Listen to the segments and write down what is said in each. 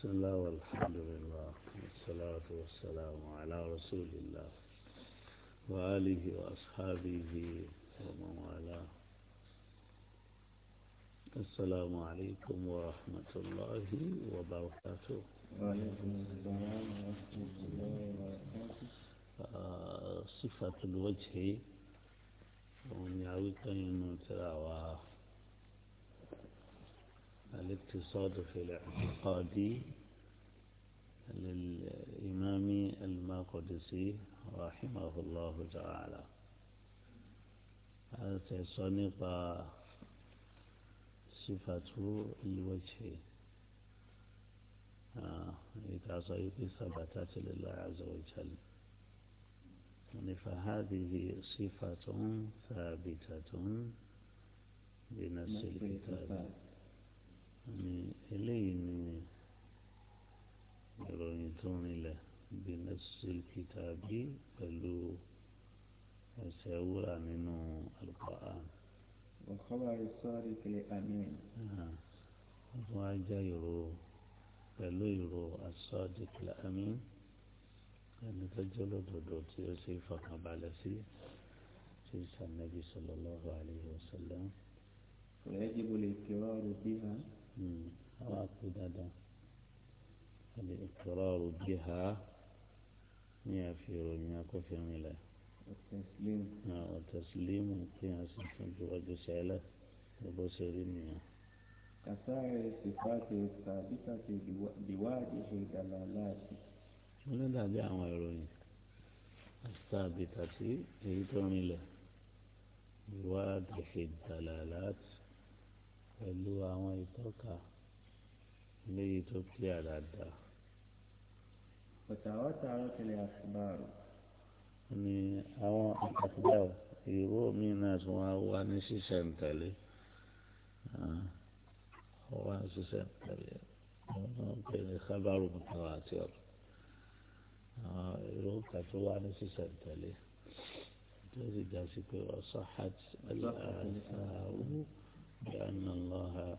بسم الله والحمد لله والصلاة والسلام على رسول الله وآله وأصحابه ومن والاه السلام عليكم ورحمة الله وبركاته وعليكم السلام ورحمة الله وبركاته آه، صفة الوجه ومن يعود أن تراواه الاقتصاد في الاعتقاد للإمام المقدسي رحمه الله تعالى هذا صنف صفة الوجه آه، إذا صيب ثبتت لله عز وجل يعني فهذه صفة ثابتة بنفس الكتاب kìtàbí pẹ̀lú ẹsẹ̀ wúrà nínú Al-Qur'an. ọ̀kọ́bàrí sọ́ọ́rí kìlẹ̀ amín. wọ́n á jẹ́ ìró pẹ̀lú ìró asọ́ọ́dì kìlẹ̀ amín ẹni tó jẹ́ olódodo tí ó ṣe fọkànbalẹ̀ sí tí sànẹ́bí sallallahu alayhi wa sallam. فيجب الاقرار بها أو أقول هذا الاقرار بها ní àfi ìròyìn akófin rinlẹ̀ ọ̀tẹ̀sílímù kí wọ́n sì tún jùwájú sẹ́lẹ̀ gbogbo ṣe rí nìyẹn. kàtàrà ìsèpàdé tàbítàtì ìwádìí ṣe ìdàlà láti. wọ́n lè dàbí àwọn ìròyìn àtàbítàtì èyí tó rinlẹ̀ ìwádìí ṣe ìdàlà láti pẹ̀lú àwọn ìtọ́ka léyìí tó kí àdáadáa. وتواترت الأخبار يعني أو أخبار يبو مين ناس وأنا شيشان تالي وأنا شيشان تالي بين خبر متواتر يروح كتوا عن شيشان تالي تزيد ذلك وصحت الآثار بأن الله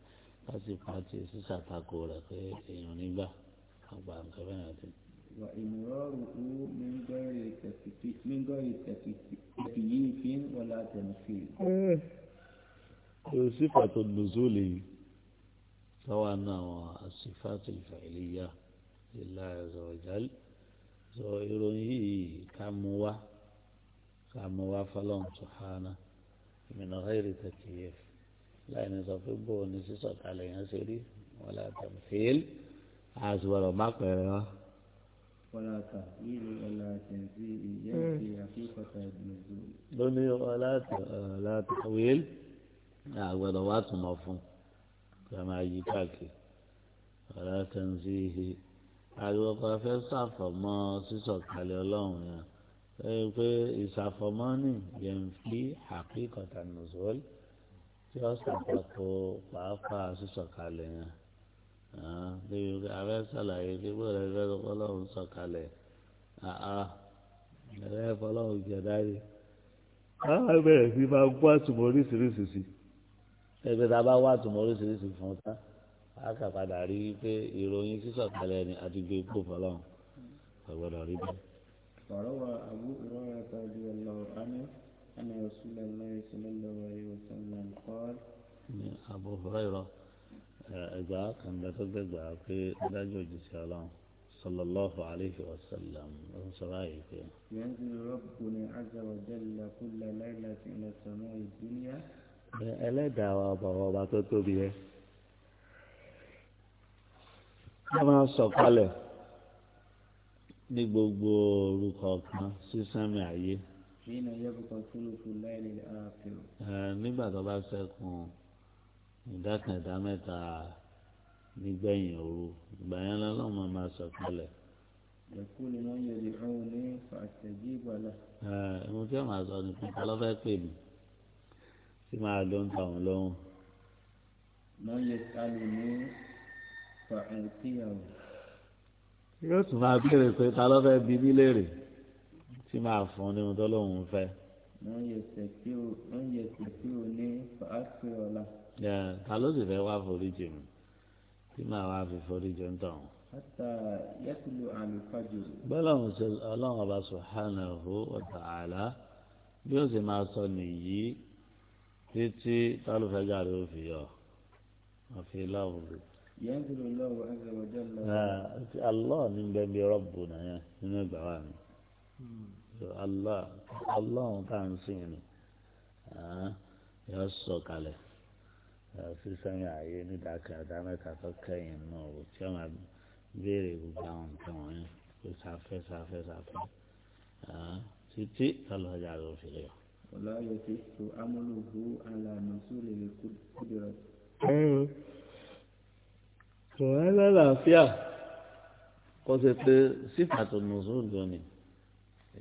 láti pàtì sísàtakò rẹ̀ pé èèyàn nígbà àgbà nǹkan bẹ́ẹ̀ àti. wà ìmúrọ̀rù kú míngọ́rì tẹ̀fì yìí fi ń wọlé àtẹnufì. yóò sì pàtó lùzú lè tọ́wọ́ náà àwọn àṣìfàtì ìfàìlíyà ìlà ẹ̀zọ̀ sọ ìròyìn yìí ká mú wá ká mú wá fọlọ́n tó hánà ìmìnira ìrètẹ̀kì yẹn lẹ́yìn sọ fún bò ní sísọ̀kalẹ̀ yẹn ṣe rí wọn là tẹ̀ fíl àzùwọ̀rọ̀ má pẹ̀rẹ̀ wọn. lóní ọlá ọlá tàwíl àgbẹ̀dọ̀ wà túmọ̀ fún kí a máa yí káàkiri ọlá tẹ̀síhì ariwo kan fẹ́ ṣàfọ̀mọ́ sísọ̀kalẹ̀ ọlọ́run yẹn pé ìṣàfọ̀mọ́ ni yẹn fi àkíkọ̀tà nùsọ̀lì tí wọ́n ṣàpapọ̀ pàápàá sísọ̀kalẹ̀ yẹn lébi abẹ́ sàlàyé pé bóyá ẹgbẹ́ ọlọ́run sọ̀kalẹ̀ ẹgbẹ́ ọlọ́run jẹ̀dáyé á bẹ̀rẹ̀ sí máa gbọ́ àtùmọ̀ oríṣiríṣi sí ẹgbẹ́ tá a bá wá àtùmọ̀ oríṣiríṣi fún un tán á kà padà rí i pé ìròyìn sísọ̀kalẹ̀ ni àti gbé ipò fọlọ́run kò gbọdọ̀ rí bẹ́ẹ̀. ọ̀rọ̀ wa àbúrò rẹ̀ ta di ọlọ́run á ní. أن رسول الله صلى الله عليه وسلم قال أبو هريرة إذا كان بتدد في دجوج سلام صلى الله عليه وسلم صلائك ينزل ربنا عز وجل كل ليلة إلى سماء الدنيا ألا دعوة بابا تتوبيه a máa sọ̀kalẹ̀ gbogbo orúkọ kan sí ayé fínà yẹ́bùkọ̀ túlùfù láìlè ààfin. nígbà tó bá ṣẹ́kùn ìdá kan ìdá mẹ́ta nígbẹ̀yìn òru ìgbà yẹn lọ́lọ́run máa máa sọ̀kalẹ̀. ẹ̀kú ni wọ́n yẹ lè ọ̀hún ní fàtẹ̀jì ìgbàlá. ìmú tí wọ́n máa sọ ni pípa lọ́fẹ́ pè mí tí máa ló ń ta òun yẹ sálù ní fàǹtíyàwó. yóò tún máa béèrè pé ta ló fẹ́ bí mí léèrè tí máa fún ní ohun tó lóun fẹ́. wọ́n yẹ sẹ́kí o wọ́n yẹ sẹ́kí o ní fàákì ọ̀la. ta ló sì fẹ́ wá foríjì mi tí màá wá fi foríjì ń tàn. hátà yẹtùlù àlùfájò. bẹ́ẹ̀ ọlọ́run ọba subhanahu wa ta'ala bí ó sì máa sọ nìyí títí tálùfẹ́ ó fi yọ wọ́n fi lọ́wọ́ rẹ̀. yẹn ń lò lọ́wọ́ azza wa jalla. Allah ní bẹ́ẹ̀ bí rọ́bù náà yẹn nínú ìgbà wa mi. Allah ọlọ́run tá à ń sìn ni yọ sọ kalẹ̀ sísẹ́yìn ààyè nídàkẹ́ àdámẹ́ta tó kẹ́yìn náà ò tí wọ́n béèrè gbogbo àwọn nǹkan wọ̀nyẹn pé sáfẹ́ sáfẹ́ sáfẹ́ títí ọlọ́jà ló fi lè. ọ̀la yóò ti so amúlùú alànà sórí kúdìrà. kò wá lálàáfíà kó ṣe pé sífàtò nùsùn lónìí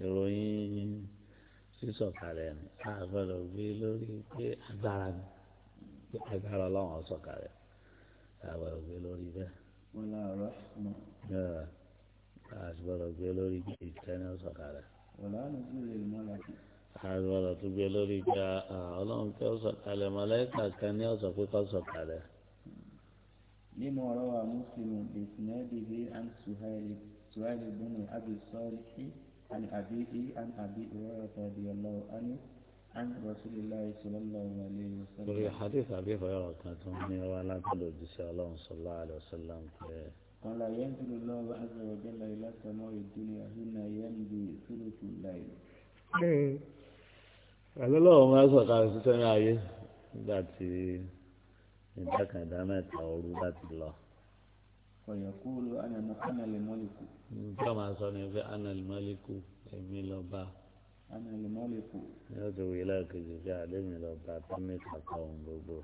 ìròyìn sísọ̀kalẹ̀ ni a gbọ́dọ̀ gbé lórí pé agbára ni pé agbára ọlọ́run ọ̀sọ̀kalẹ̀ a gbọ́dọ̀ gbé lórí bẹ́ẹ̀. wọn là rọ mọ. a gbọ́dọ̀ gbé lórí pé ìtẹ́ni ọ̀sọ̀kalẹ̀. wọn là ń sílè mọ́lẹ́kì. a gbọ́dọ̀ tún gbé lórí pé ọlọ́run fẹ́ ọ̀sọ̀kalẹ̀ mọ́lẹ́kà kan ní ọ̀sọ̀ pé kọ́ ọ̀sọ̀kalẹ̀. لما روى مسلم بإسناده عن سهيل سهيل بن أبي صالح عن أبيه عن أبي هريرة رضي الله عنه عن رسول الله صلى الله عليه وسلم في حديث أبي هريرة تنتهي ولا تلو جزاء صلى الله عليه وسلم قال ينزل الله عز وجل إلى السماء الدنيا هنا يمضي ثلث الليل قال الله ما سقى في السماء ذاتي ìdákàndá mẹ́ta òru láti lọ fọyọkúlù anàlìmọ́lìkù. nígbà máa sọ ni pé anàlìmọ́lìkù èmi lọ́ba. anàlìmọ́lìkù. yóò ti wí lákejì pé àdémi lọ́ba tó ní kàkà ohun gbogbo.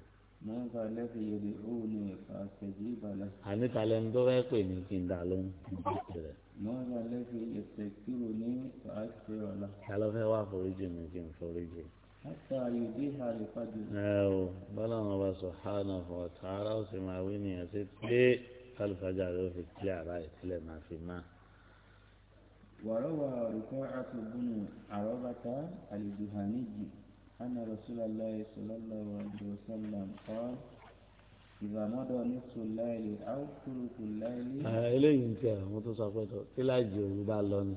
mọ́ńkà lẹ́fì yorì òun ni ìfàṣẹjì ìbàlẹ̀. àníta lẹni tó fẹ́ pè ní kí n dà lóhùn ìdíje rẹ̀. mọ́ńkà lẹ́fì ìṣèkúrò ní fàáṣẹ ọ̀la. ta fẹ́ wá foríjì mi kí n foríjì. حتى يديها لفضله. أو بلا ما سبحانه وتعالى وسماويني يا ستي kálífàjà rẹ̀ ó fi kílẹ̀ àrá ìpínlẹ̀ máa وروى رفاعة بن عربة الجهني أن رسول الله صلى الله عليه وسلم قال إذا مضى نصف الليل أو ثلث الليل إليه انتهى متصفته إلى جيوب بالون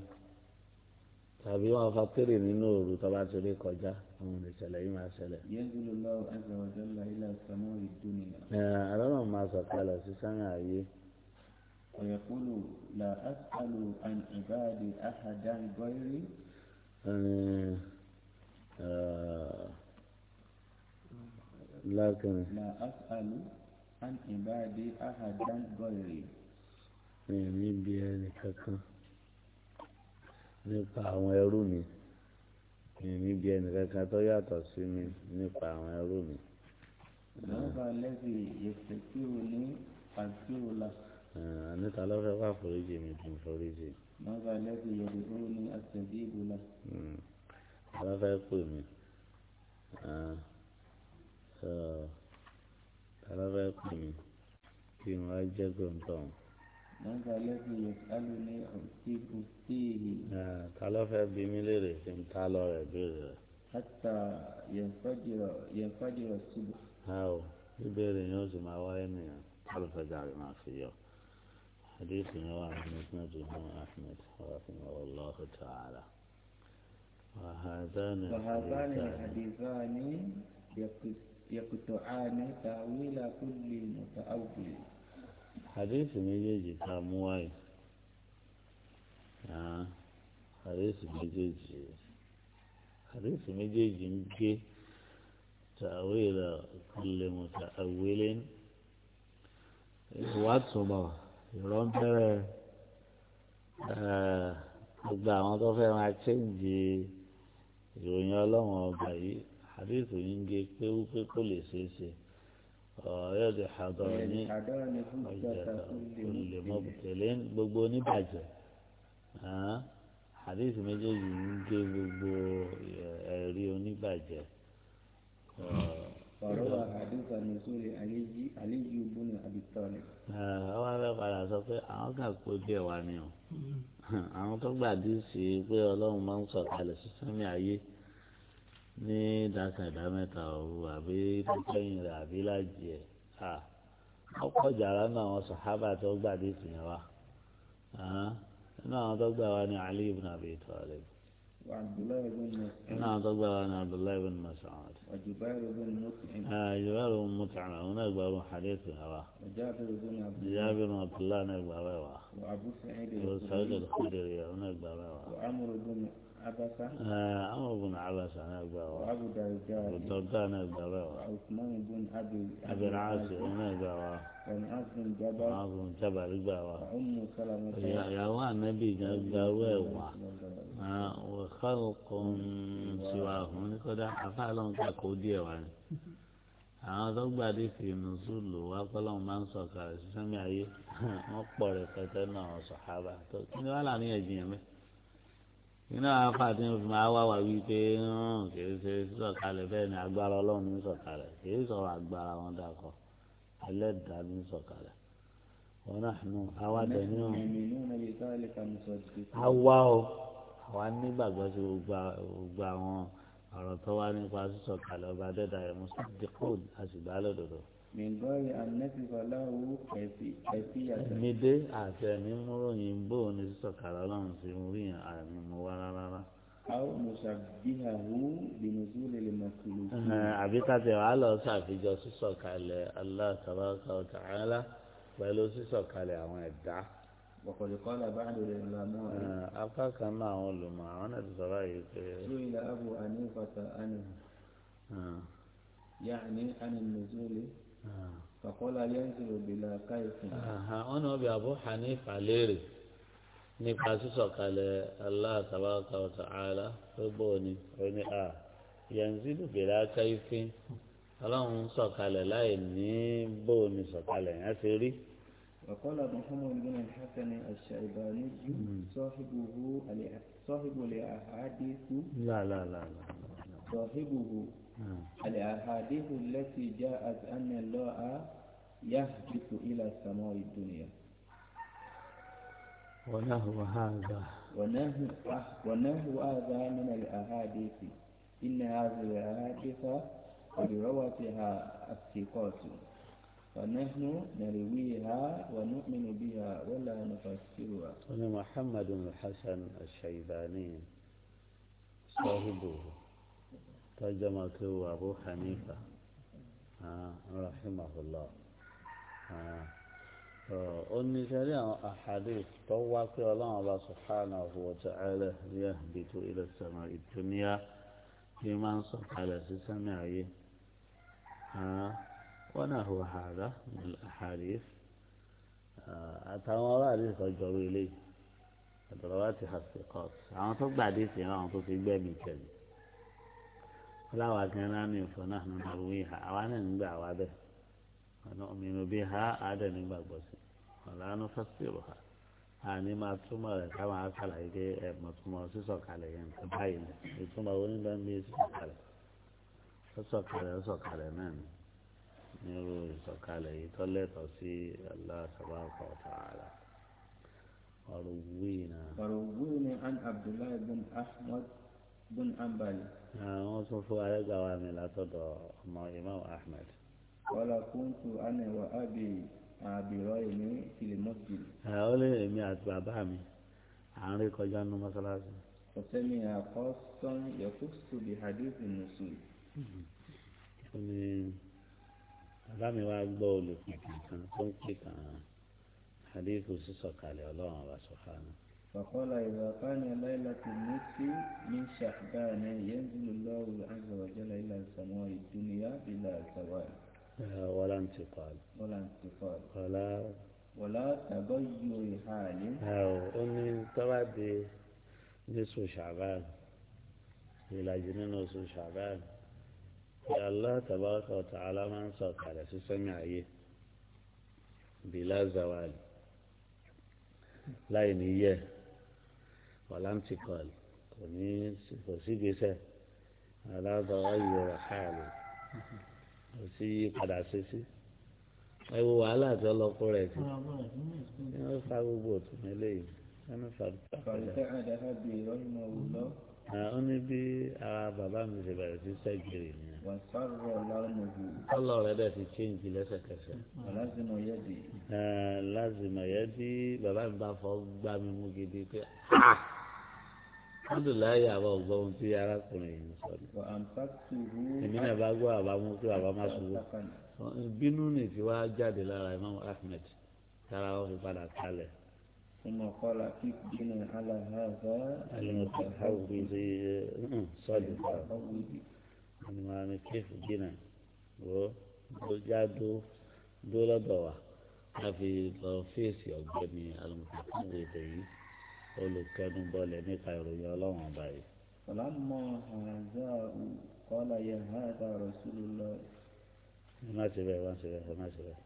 tàbí wọn fa péré nínú òru tó bá ينزل الله عز وجل إلى السماء الدنيا أرام ما سقال سسنا أيه ويقول لا أسأل عن عبادي أحدا غيري يعني، آه، لكن لا أسأل عن عبادي أحدا غيري من بيانك nípa àwọn ẹrú mi mi níbi ẹnìkan kan tó yàtọ̀ sí mi nípa àwọn ẹrú mi. lọ́ba lẹ́sìn ìfẹ̀tí ò ní àti òla. níta ló fẹ́ wá foríjì mi kì í foríjì. lọ́ba lẹ́sìn ìyẹ̀dẹ̀ ó ní àtẹ̀bí ìbúlá. wọ́n fẹ́ pè mí ta ló fẹ́ pè mí kí n wá jẹ́ gbọ̀ǹtàn. هذا الذي يسألني أؤتيه أؤتيه تعالى في بمليري كم تعالى بيري حتى ينفجر ينفجر الصبح هاو بيري يوزم عوائمي تعالى فجعل ما فيه حديث رواه مسنده أحمد رحمه الله تعالى وهذان وهذان الحديثان يقطعان تأويل كل متأول hadith méjèèjì tá a mú wáyé hadith méjèèjì hadith méjèèjì ń gbé tàwílà kulli muta'awwilin ìwà túmọ̀ ìrọ́mbẹ́rẹ́ gbogbo àwọn tó fẹ́ máa chéǹjì ìròyìn ọlọ́run ọba yìí hadith ń gbé pé wípé kò lè ṣeé ṣe. يجحدان حجة كل مبطل gbogbo oníbàjẹ́ hadith méjèèjì ń gé gbogbo eh, ẹ̀rí oníbàjẹ́. فروى حديث النزول علي علي بن ابي طالب. àwọn abẹ́ padà sọ pé àwọn kan kó díẹ̀ wá ní o mm-hmm. àwọn tó gbàdí sí i pé ọlọ́run máa ń sọ̀kalẹ̀ sí sẹ́mi ayé ní dasa ìdámẹ́ta òru àbí lókẹ́yìn rẹ̀ àbí lájì ẹ̀ à ọ̀pọ̀ jàrá náà àwọn sàhábà tó gbàdé ìsìn wa nínú àwọn tó gbà wá ní Ali ibn Abi Talib nínú àwọn tó gbà wá ní Abdullahi ibn Mas'ud Jubair ibn Mut'im àwọn náà gbà wọn hadith ìsìn wa Jabir ibn Abdullahi náà gbà wá wa Abu Sa'id al-Khudri àwọn náà gbà wá wa. عبسة عمرو بن عبسة أنا أقبله أبو درداء أبو الدرداء أنا أقبله عثمان بن أبي أبي العاص أنا أقبله ومعاذ بن جبل معاذ بن جبل أقبله أم سلمة يا يا هو النبي قالوا وخلق سواهم قد أفعلهم كقودية يعني àwọn tó gbàdé fi nùsùlù wá kọ́lọ́hún máa ń sọ̀kalẹ̀ sí sẹ́mi ayé wọ́n pọ̀ rẹpẹtẹ náà sọ̀hábà tó kí ni wàá là ní ẹ̀jìn yẹn mẹ́ta iná afáàtì ń fi máa wá wà wípé hmm, kìí ṣe sọ̀kalẹ̀ bẹ́ẹ̀ ni agbára ọlọ́run ní sọ̀kalẹ̀ kìí sọ̀rọ̀ agbára wọn dàkọ̀ ẹlẹ́dàá ní sọ̀kalẹ̀ wọn náà nù àwa tẹ̀lé o àwa o àwa nígbàgbọ́ sí gbogbo àwọn ọ̀rọ̀ tó wá nípa sísọ̀kalẹ̀ ọba dẹ́dàá rẹ̀ mú sọ́dẹ̀kọ́ọ̀dù àṣìgbà lọ́dọ̀dọ̀ mìgbọ́rì anẹ́tìfà láwù kẹfì àti. mi dé àti ẹ̀mí mú ròyìn bó o ní sísọ̀kàrà ọlọ́run sí mú rí àmì mú wá rárá. àwọn mùsàbíhàwù bìnúsù lèlè mọ̀kìlù. àbí káfíà wàá lọ sàfijọ sísọ̀kalẹ̀ Allah tabaraka wa ta'ala pẹ̀lú sísọ̀kalẹ̀ àwọn ẹ̀dá. وقد قال بعض العلماء أبقى كما أقول ما أنا تسرعي سئل أبو أنيفة أنه يعني عن النزول fàkọ́lá yẹnsìlò bìlà káyọ̀sìn. wọn náà bí Abu Hanifa léèrè nípa sísọ̀kalẹ̀ Allah tabaraka wa ta'ala gbogbo òní òní a yẹnsìlò bìlà káyọ̀sìn ọlọ́run sọ̀kalẹ̀ láì ní bóòní sọ̀kalẹ̀ yẹn ti rí. وقال محمد بن الحسن الشيباني صاحبه صاحب الاحاديث لا لا لا لا صاحبه نعم. الأحاديث التي جاءت أن الله يهبط إلى السماء الدنيا ونهو هذا ونهو, آه، ونهو هذا من الأحاديث إن هذه الأحاديث قد روتها الثقات فنحن نرويها ونؤمن بها ولا نفسرها. محمد بن الحسن الشيباني صاحبه ترجمة أبو حنيفة آه، رحمه الله ونسالي آه، آه، أحاديث طوّق الله سبحانه وتعالى يهبط إلى السماء الدنيا لما صف على سمعي ونهو هذا من الأحاديث أتمرى لي قجوري لي أدرواتي حسقات أنا تقبع ديسي أنا أنتو تقبع من كلمة láwa gan náà ní ìfọ náà ní àrùn ìhà àwa náà ń gbà wá bẹ́ẹ̀ ọ̀nà òmìnira bíi ha àádẹ́ nígbàgbọ́ sí ọ̀làánú fásitì ha àní máa túmọ̀ rẹ̀ ká máa kàlàyé pé ẹ̀mọ̀túmọ̀ sísọ̀kalẹ̀ yẹn nǹkan báyìí ni ìtumọ̀ onígbàgbé sísọ̀kalẹ̀ sísọ̀kalẹ̀ sísọ̀kalẹ̀ náà ni nírú ìsọ̀kalẹ̀ yìí tó lẹ́tọ̀ọ́ sí Allah subhanahu wa عن عبد الله بن أحمد بن أنبالي àwọn ah, sọ fún arẹ́gbà wa mi látọ̀dọ̀ ọmọ imam ahmed. wọ́lá kúntù ana wa abi àbírọ̀ èmi ìfìlẹ̀ mọ́tì. ó lé èmi àti bàbá mi à ń rí kọjá nínú mọ́sálásí. ọ̀sẹ̀mi àkọ́sán yẹ̀kú sóbi hadith musul. ó ní bàbá mi wá gbọ́ olùkọ́ kan tó ń pè kàn án hadith sísọ̀kalẹ̀ ọlọ́run ọba sọ̀hánà. فقال إذا كان ليلة النصف من شعبان ينزل الله عز وجل إلى السماء الدنيا بلا زوال ولا انتقال ولا انتقال ولا ولا تغير حال أو أني تبعدي نصف شعبان إلى جنين نصف شعبان يا الله تبارك وتعالى ما انصرت على سمعيه بلا زوال لا ينيه wàláǹtì kọ́ọ̀lì kò ní kò sí gbèsè aláàbọ̀ ayọ̀rọ̀ xaàlì kò sí padà sísí ẹ wo wàhálà àti ọlọ́kọ rẹ̀ ti ẹ wọ́n fa gbogbo òtún eléyìí ẹ wọ́n fa gbogbo òtún eléyìí ó ní bí ara bàbá mi ṣe bẹ̀rẹ̀ sí sẹ́gìrì ni. ọlọ́run rẹ̀ dẹ̀ ti chéǹjì lẹ́sẹ̀kẹsẹ̀. lásìmọ̀ yẹ dí bàbá mi bá fọ́ gbá mi mú gidi pé alhamdulilayi àbá ògbọ́ ohun tí arákùnrin yìí sọ ni. èmi náà bá gbọ́ àbámu pé àbámu aṣojú. bínú nìfi wá jáde lára Imam Ahmed tára wọn fi padà kalẹ̀. ثم قال فقدنا على هذا المتحوز صدقة المعنى كيف جنا وجادو دولة دواء àfi lọ fèsì ọ̀gbẹ́ni alùpùpù ètò yìí olùkẹnubọlẹ̀ nípa ìròyìn Ọlọ́run ọba yìí. ọ̀làmọ àzá kọ́lá yẹ hàdà rọ̀ṣùlù lọ. ẹ má ṣe bẹ́ẹ̀ ẹ má ṣe bẹ́ẹ̀ ẹ má ṣe bẹ́ẹ̀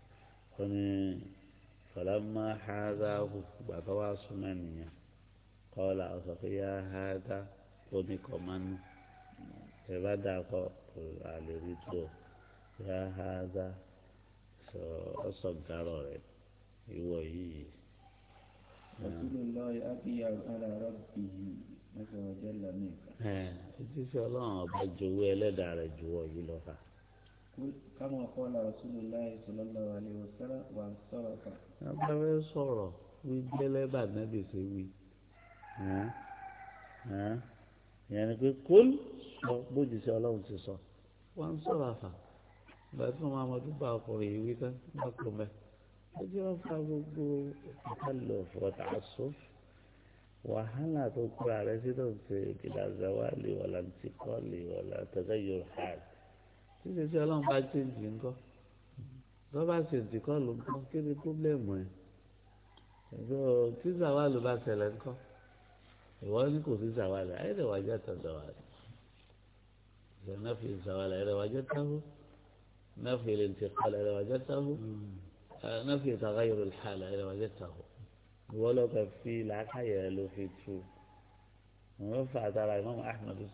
ó ní. فلما حاذاه بعثوا سمانيا قال أصفيا هذا قنك من فبدا قل على ريتو يا هذا أصدقر يوهي رسول الله أبي على ربه عز وجل منك ojúṣe ọlọ́run ọba jowó ẹlẹ́dàá rẹ̀ ju ọ̀yí lọ fà. káwọn kọ́ la rasulillah sallallahu alayhi abẹ́rẹ́ sọ̀rọ̀ wí gbẹ́lẹ́bà nẹ́bì ṣe wí ìyẹn ni pé kól sọ bójú sí ọlọ́run ti sọ wọ́n ń sọ̀rọ̀ àfà ìgbà tí wọ́n máa dúpọ̀ ọkùnrin yìí wí tán wọ́n kò mẹ́ ó jẹ́ wọ́n fa gbogbo ìtàlọ̀ ọ̀tà sọ wàhálà tó kúra rẹ sí tó ń ṣe ìkìlà zawali wọ̀là ntìkọ́lì wọ̀là tẹ̀sẹ̀ yorùbá tí ìṣesí ọlọ́run bá jẹ́ ìjì ńkọ́ lọ́ba sì ti kọ́ ló gbọ́ kí ni pọ́blẹ́mù ẹ̀ ẹ̀dọ́ tí sàwálù bá ṣẹlẹ̀ ńkọ́ ìwọ ní kò sí sàwálù ayẹ̀dẹ̀ wájà tán sàwálù ìṣẹ̀lẹ̀ náà fi sàwálù ayẹ̀dẹ̀ wájà tán hó náà fi lè ti kọ́ ayẹ̀dẹ̀ wájà tán hó hmm. ah, náà fi ìtàkà yorùbá ìhàlẹ̀ ayẹ̀dẹ̀ wájà tán hó ìwọ lọ́kọ̀ fi làákàyè ló fi tu wọ́n fà á tara Imam Ahmad ti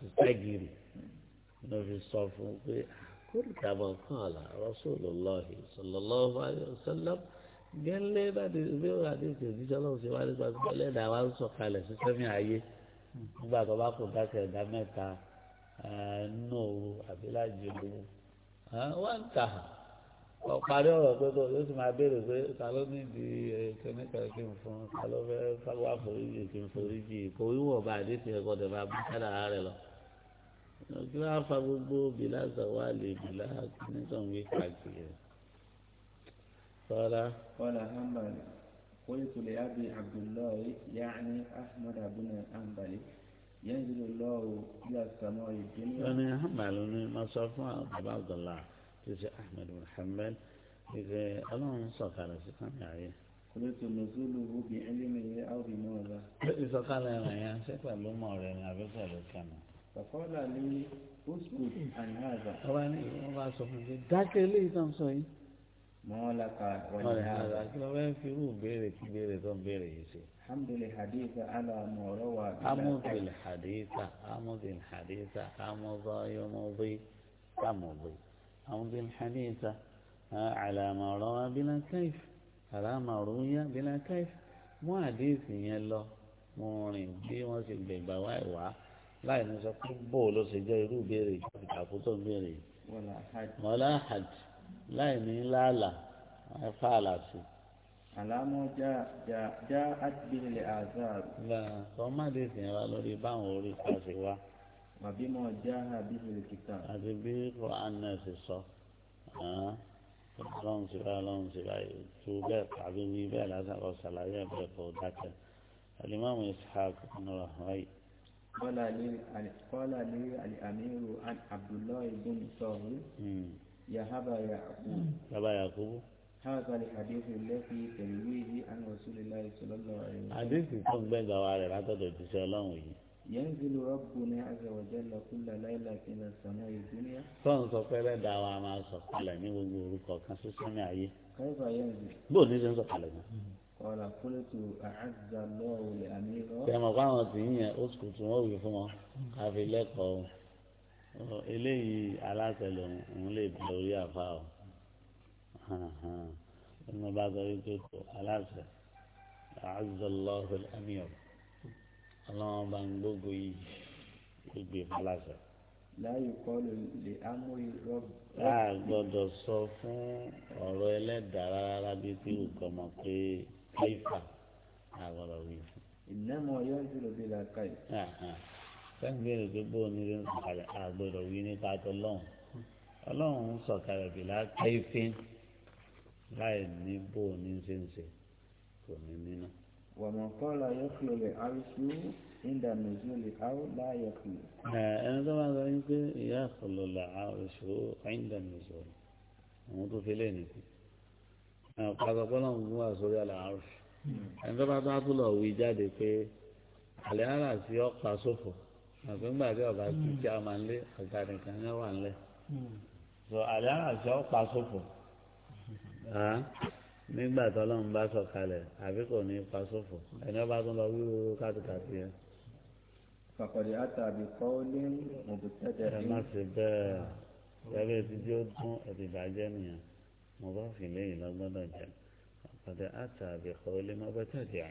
fi sọ fún pé ah قل كما قال رسول الله صلى الله عليه وسلم قال لي بعد بعد دي سلام سي بعد بعد قال دا وان سو قال سمي عيه بعد ما كنت ذاك دا متا نو ابلا جلو ها وانتهى ọ̀parí ọ̀rọ̀ pé kò yóò sì máa béèrè pé ta ló ní di kíní kan kí n fún ta ló fẹ́ wá foríjì kí n foríjì kò wíwọ̀ bá àdéhùn ẹ̀kọ́ tẹ̀ máa bú kádàá rẹ̀ lọ kí wọ́n á fa gbogbo bìlà zawali bìlà kìnìtàn wí káàkiri. قال قال أنبل قلت لأبي عبد الله يعني أحمد بن أنبل ينزل الله إلى السماء الدنيا أنا أحمل ما صفوا أبا عبد الله تسي أحمد بن حنبل الله صفى على سكان يعني قلت نزوله بعلمه أو بماذا إذا قال أنا يا سيكون بمورين أبي صلى الله fàkọ́lá ní osgood and haza. ọba ní wọn bá sọ fún mi dákẹ́ eléyìí tó ń sọ yìí. mọ́ọ́lá ka wọlé haza. kí ló fẹ́ fi irú béèrè tí béèrè tó ń béèrè yìí ṣe. hamdul haditha ala mọ̀ọ́rọ́ wa. amúdìl haditha amúdìl haditha amúdọ́ yọmọdé amúdé amúdìl haditha ala mọ̀ọ́rọ́ wa bílá káyif ala mọ̀ọ́rọ́ ya bílá káyif mú àdéhìí yẹn lọ mo rìn bí wọ́n ti gbẹ̀gbà wáìwá láì ní sọ pé bó ló ṣe jẹ́ irú ìbéèrè ìtàkù tó ń béèrè mọ́lá hajj láì ní làálà ẹ̀fà àlàsì. àlámọ́ já já já àtìbílẹ̀ azar. bẹ́ẹ̀ sọ má lè sìn ra lórí báwọn orí pàṣẹ wa. àbí mo já àbílẹ̀ kìtà. àti bí quran náà ṣe sọ ọlọ́run ti bá ọlọ́run ti bá tu bẹ́ẹ̀ tàbí wí bẹ́ẹ̀ lásán kọ́ ṣàlàyé ẹ̀ bẹ́ẹ̀ kọ́ dákẹ́. alimami ishaq nura hayi. قال لي الأمير عن عبد الله بن صهر يا هبا يعقوب هبا يعقوب هذا الحديث الذي ترويه عن رسول الله صلى الله عليه وسلم حديث تقبل دواري حتى تتشاء الله ينزل ربنا عز وجل كل ليلة إلى السماء الدنيا فان سقل دعوة ما سقل من وجوه كان سسمع كيف ينزل بو نزل سقل ọ̀rọ̀ àkúrẹ́tù àádọ́ lọ́wọ́ lè àmì rọ́. ṣé mo kọ́ àwọn tí yíyan ó sùkú tí wọ́n wí fún wọn káfí lẹ́kọ̀ọ́ eléyìí aláṣẹ lòun òun lè bẹ orí àfa o ẹnu bá sọ wípé tó aláṣẹ àádọ́ lọ́wọ́ lè àmì ọlọ́wọ́n bá ń gbógo yìí gbogbo ìfalasẹ̀. láyé kọ́lù lè amóye rọ́bù. a gbọ́dọ̀ sọ fún ọ̀rọ̀ ẹlẹ́dàá rárá bíi tí nǹkan mọ̀ pé kaifa àwọ̀rọ̀ wí fún. ìnáwó yóò dúró bí la káyì. sẹ́yìn bẹ́ẹ̀ ló bó ní ló ń sọ̀kalẹ̀ àgbọ̀rọ̀ wí nípa tó lọ́hùn ọlọ́hùn ń sọ̀kalẹ̀ bí la kaifin láì ní bó ní ṣe ń ṣe kò ní nínú. wàmọ̀ kọ́lá yóò kúrò lè àrùsù nígbà nìjú lè àrùn láàyè kúrò. ẹni tó máa sọ wípé ìyá àkọlọ́lá àrùsù nígbà nìjú àwọn tó fi lé nìkan pàṣẹ pọ́nlọ́ ń wá sórí àlàáfù hmm. ẹni tó bá tó tó lọ wí jáde pé àlẹ́ ara sí ọ̀pá sófò àgbẹ̀ngbà tí ọba ti já hmm. máa ń lé ọ̀gá nìkan yẹn wà ńlẹ̀ hmm. so àlẹ́ ara sí ọ̀pá sófò nígbà tó lọ́n bá sọ kalẹ̀ àbí kò ní pa sófò ẹni ọba tó lọ wí wúwo káàtìkàtì yẹn. fàkọ̀dé àtàbí kọ́ọ́lé mọ̀bùtẹ́tẹ̀. ẹ má ṣe bẹ́ẹ̀ ẹ bẹ́ẹ̀ ti dí ó dún ẹ̀dìbàjẹ́ مضاف إليه لا ضجة قد أتى بقول مبتدع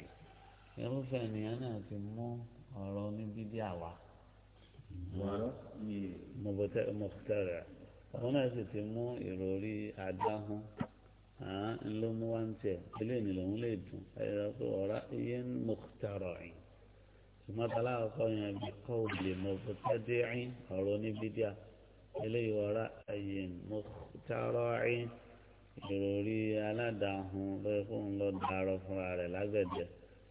يرفع أنا تمو أروني بدعوة مخترع هنا ستمو يروري أداه ها لو مو أنت بلين لو ليدو رأي مخترع ثم طلع قوي بقول مبتدع أروني بدعوة إليه رأي مخترع ìròrí aládàáhùn lórí fóun lọ dàrọ fúnra rẹ̀ lágbẹ̀dẹ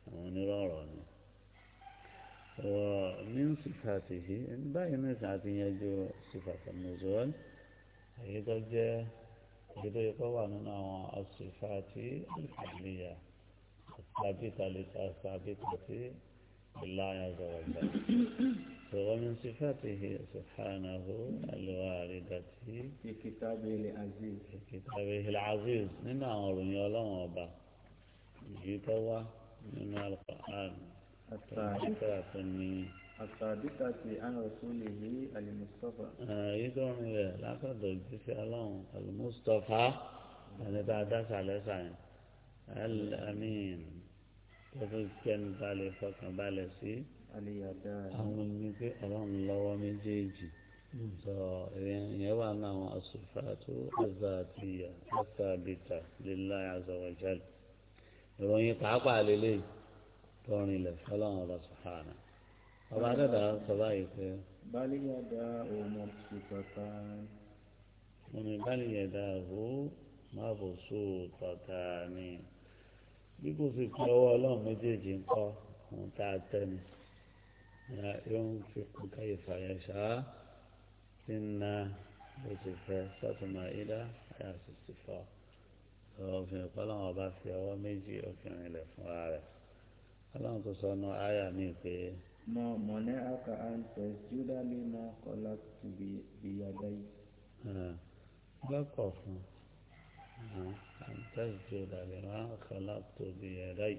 àwọn onírọ̀rọ̀ ni. wọ ní sífàtì yìí báyìí ní sàtì yẹn ju sífàtì nùzọ́ọ̀lì èyí tó jẹ́ èyí tó yẹ kó wà nínú àwọn asífàtì ìfàlìyà àti àbítàlẹ̀ àti àbítàtì ìlà ayàzọ̀rọ̀ gbà. من صفاته سبحانه الواردة في كتابه العزيز في كتابه العزيز من أمر يولون وبا يتوى من القرآن الثابتة عن رسوله المصطفى يدعون إليه لقد في الله المصطفى أن تعدس على سعين الأمين تفكين بالي فكين بالي سي àwọn ní pé ọlọ́run lọ́wọ́ méjèèjì hmm. sọ ìyẹn wà ní àwọn asòfàtú azàtìyà asàbìtà lílá azọwọjálì ìròyìn pàápàá lélẹ̀ tọrin ilẹ̀ fọlọ́run ọba sọ̀hánà ọba dẹ́dà sọ báyìí pé. bálíyàdá òmò sùpàtà. mo ní bálíyàdá òhó má bò sùpàtà ni bí kò sì pé ọwọ́ ọlọ́run méjèèjì ń kọ́ ohun tá a tẹ́ ni. يوم ينفق كيف يشاء إن وصف سطم إلى حياة الصفاء وفي قلم وبعث ومجي وكان إلى فعالة قلم تصنع آية من في ما منعك أن تسجد لما خلقت بيدي بقف أن تسجد لما خلقت بيدي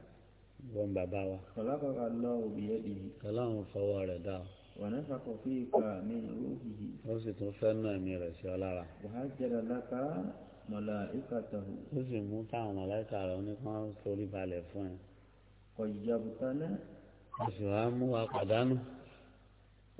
wọn bàbá wa. ọlọ́kọ̀ọ́kọ́ lọ òbí ẹ̀ dì í. ọlọ́run fọwọ́ rẹ̀ dá o. wọ̀nà fakọ̀ fi ìka mi rúhìhì. ó sì tún fẹ́ náà mi rẹ̀ sí ọ lára. wàá jẹrẹ lápá mọ̀lá ìkàtàwù. ó sì mú táwọn mọ̀láìkà rẹ̀ oníkan forí balẹ̀ fún ẹ. ọ̀yìyàbùtánná. ó sì wá mú wa pàdánù.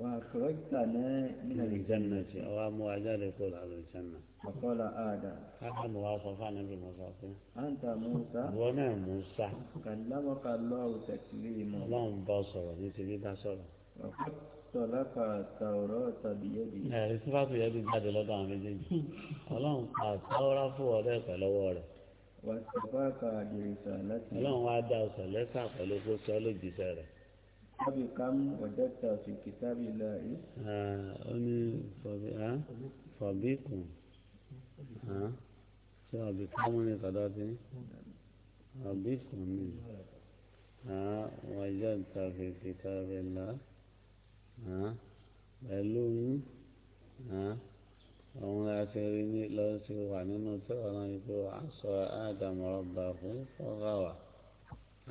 وأخرجتنا من الجنة وأمو كل يقول على الجنة فقال آدم آدم وصفانا بمصافنا أنت موسى وأنا موسى كلمك الله تكليما الله مبصر يتجد أسر وحط لك التوراة بيدي إيه صفات بيدي بعد لطعم بيدي الله التوراة فوالك لورك واتفاك برسالتي الله وعد أسلسة فلوكو سألو جسارك Abi kam wajata fi kitabi lahi. Ó ní fàbíkù. Ṣé àbí kámú ni kàdá ti? Àbíkù ni. Wajata fi kitabi lahi. Pẹ̀lú yín. Àwọn aṣèré ni lọ́sí wà nínú tí ọ̀nà ìgbé wa sọ Ádámù ọba fún fọ́gáwà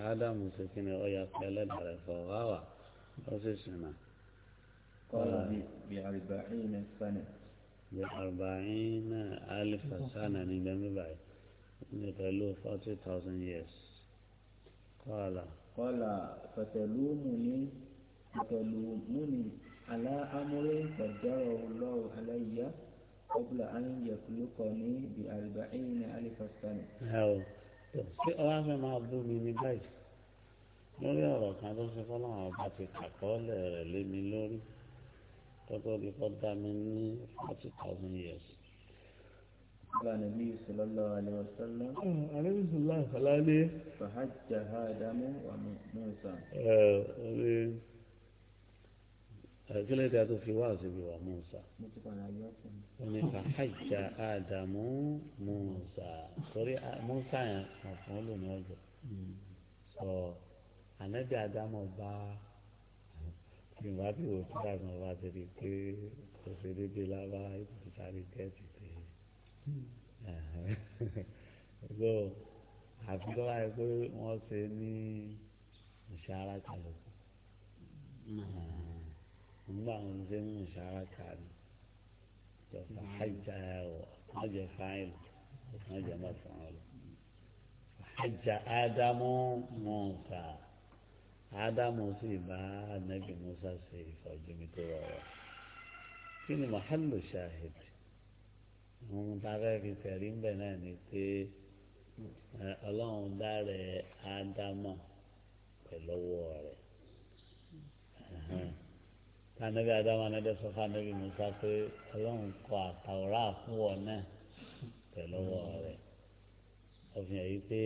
ádámù sí kí ni ọyà pé ẹlẹ́dàrẹ́ fọwọ́ wà ó sì sìnà. kọ́lá bí àrùbáyìn sánà. bí àrùbáyìn alifa sánà ní gbẹ́mí báyìí ní pẹ̀lú forty thousand years. kọ́lá. kọ́lá fẹ̀tẹ̀lúmùní fẹ̀tẹ̀lúmùní alá amúrí fẹ̀jọ́rọ̀ lọ́wọ́ aláìyá ọ̀bùlà ayé yẹ kúlúkọ ní bí àrùbáyìn alifa sánà ṣé ọlá fẹ́ máa bú mi ní báyìí lórí ọ̀rọ̀ kan tó ṣe fọ́lọ́run ọba ti kàkọ́ọ́lẹ̀ rẹ̀ lé mi lórí tọ́tọ́ bí kọ́ dá mi ní forty thousand years. قال النبي صلى الله عليه وسلم عليه الصلاة والسلام فحج آدم وموسى Eh, kílẹ̀ tí a tó fi wá síbi wà Musa omi kan hajja Ádámù Musa torí ah, Musa yẹn ọ̀fun ló ní ọjọ́ sọ ànábì Ádámù bá yorùbá fi wò sí àgbà ọba ti di pé kò sí dédé lábá ìtàrí gẹ́ẹ̀tì pé eh, so àfi tó nígbà wọn ṣe ń mú sára kàní jọfà hajjá ẹwọ wọn jẹ fáìlì wọn jẹ mọfàlù hajjá ádámù mọǹkà ádámù sì bá anabi musa ṣe ìfọjúmi tó rọrọ kí ni mahalu shahid ohun tá a fẹ́ fi tẹ̀rí ń bẹ̀ náà ni pé ọlọ́run dáre ádámù pẹ̀lú ọwọ́ rẹ̀ anabi adamu anabi sọ fún anabi musa pé ọlọ́run kọ àtàwòrán àfúnwọ̀ náà pẹ̀lú ọwọ́ rẹ̀ ọ̀fìn yìí pé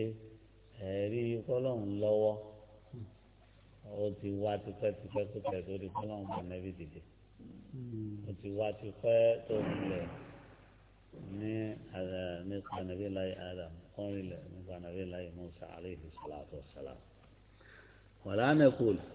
ẹ̀rí kọ́lọ́run lọ́wọ́ ó ti wá tipẹ́tipẹ́ kó tẹ̀ tó di kọ́lọ́run bá anabi dìde ó ti wá tipẹ́ tó nílẹ̀ ní nípa anabi láyé adam kọ́rin lẹ̀ nípa anabi láyé musa aleyhi salatu wa salam wàlá nàkúlù.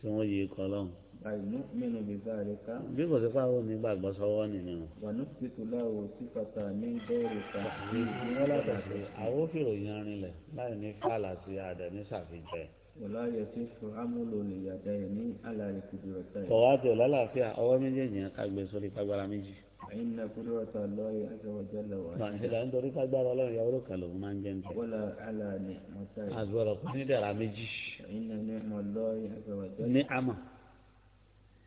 tí wọ́n yí ikọ̀ lọ́hùn. àìnú mẹ́nu mi bá rẹ ká. bí kò sí fáwọn onígbàgbọ́ sọ́wọ́ nìyẹn. wànú títù láwo sífàtà ní bẹ́ẹ̀rù ká. ìwọ́n látàkì. àwọn òfìrò yan rinlẹ̀ láì ní fàlà sí àdẹ ní sàfijẹ́. wọ́lá yẹ kí fún amúlò lè yàtọ̀ yẹn ní àlàyé kùdùrọ̀ táyà. kọ̀wá tó lálàáfíà ọwọ́ méjèèjì yẹn ká gbé sórí kágbára méjì àyìnlá kúrò ọ̀tá lọ́ọ̀yì àtẹwọ́jọ́lá wà. bàǹtẹ̀lá nítorí kágbára ọlọ́run ìyàwó ló kàlọ́ máa ń jẹ́ nǹkan. bọ́lá àlà ni mọ́tà yìí. àgbọ̀rọ̀ kún ní dàrá méjì. àyìnlá ní àmọ̀ lọ́ọ̀yì àtẹwọ́jọ́lá. ní àmọ̀.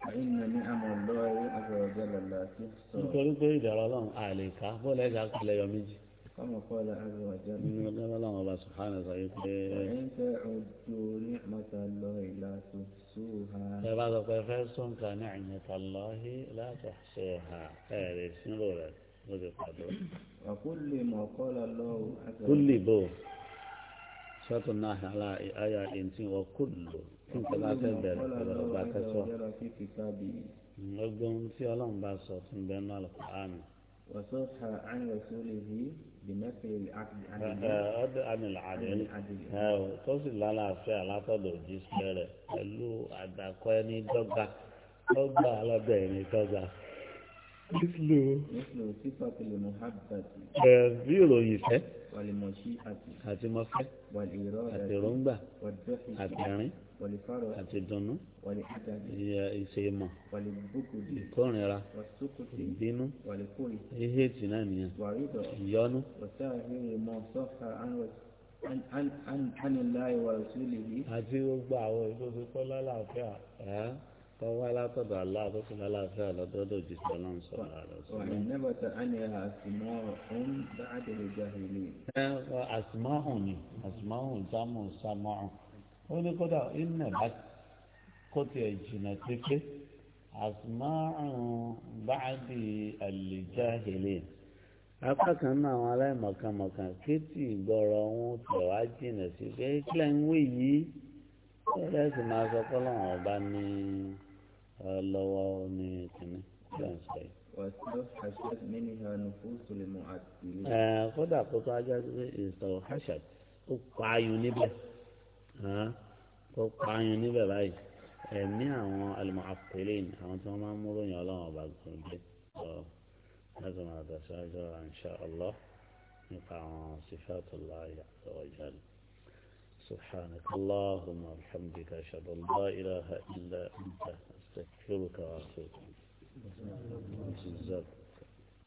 àyìnlá ní àmọ̀ lọ́ọ̀yì àtẹwọ́jọ́lá láti sọ. nítorí pé ìdàrọ̀ ọlọ́run àlè ká bọ́lá ẹ̀ka kalẹ̀ yọ méjì. kọ́mọ kọ́lá ẹ bá sọ pé fẹ́ sún ha ẹ lè sínú rẹ̀ ló ti pàdé. àkúlì وصح عن رسوله بمثل العقد عن العدل tó sì lálàáfíà látọ̀dọ̀ òjíṣẹ́ rẹ̀ pẹ̀lú àdàkọ ẹni dọ́gba dọ́gba lọ́dọ̀ ẹni dọ́gba. Mísìlò sípàtìlì Mùhàbàtì. Ẹ bí ìròyìn ìfẹ́. Wàlìmọ̀ṣí àti. Àti mọ́fẹ́. Wàlìrọ́ àti èròǹgbà. Àti ẹ̀rín àti dùnnú ìṣe mọ̀ ìkórìíra ìbínú ìhètì náà nìyẹn ìyọnu àti gbogbo àwọn ìgbésẹ̀ tó lálàáfíà ẹ̀ tó wá látọ̀dọ̀ aláà tó fi lálàáfíà lọ́dọ́dọ̀ jù sọ lọ́n sọ ààrẹ sọ. ẹ àsìmáhùn ni àsìmáhùn jámù sámáhùn ó ní kódà iná bá kó tiẹ̀ jìnnà pépé àsùnmáàrún báàdì àlèjá hèlè apá kan náà àwọn aláìmọ̀kànmọ̀kàn kéétì ìgbọ́rọ̀ wọn tẹ̀ wá jìnnà sí pé kílẹ̀ ń wé yìí kílẹ̀ sì máa sọ pé ọlọ́run ọba ní lọ́wọ́ ní kìnní kílẹ̀ ń sọ yìí. kódà kó tó ajá sí pé ìsọ̀rọ̀ ó pa ayò níbẹ̀. tó pààyàn níbẹ̀ báyìí ẹ̀mí àwọn al-mu'attilin àwọn to wọ́n máa ń mú ròyìn ọlọ́run ọba gùn gbé ọ̀rọ̀ lẹ́sìn máa tẹ̀síwájú insha Allah nípa àwọn sífẹ́tò láàyè àtọwọ́jáde. سبحانك اللهم وبحمدك أشهد أن لا إله إلا أنت أستغفرك وأتوب إليك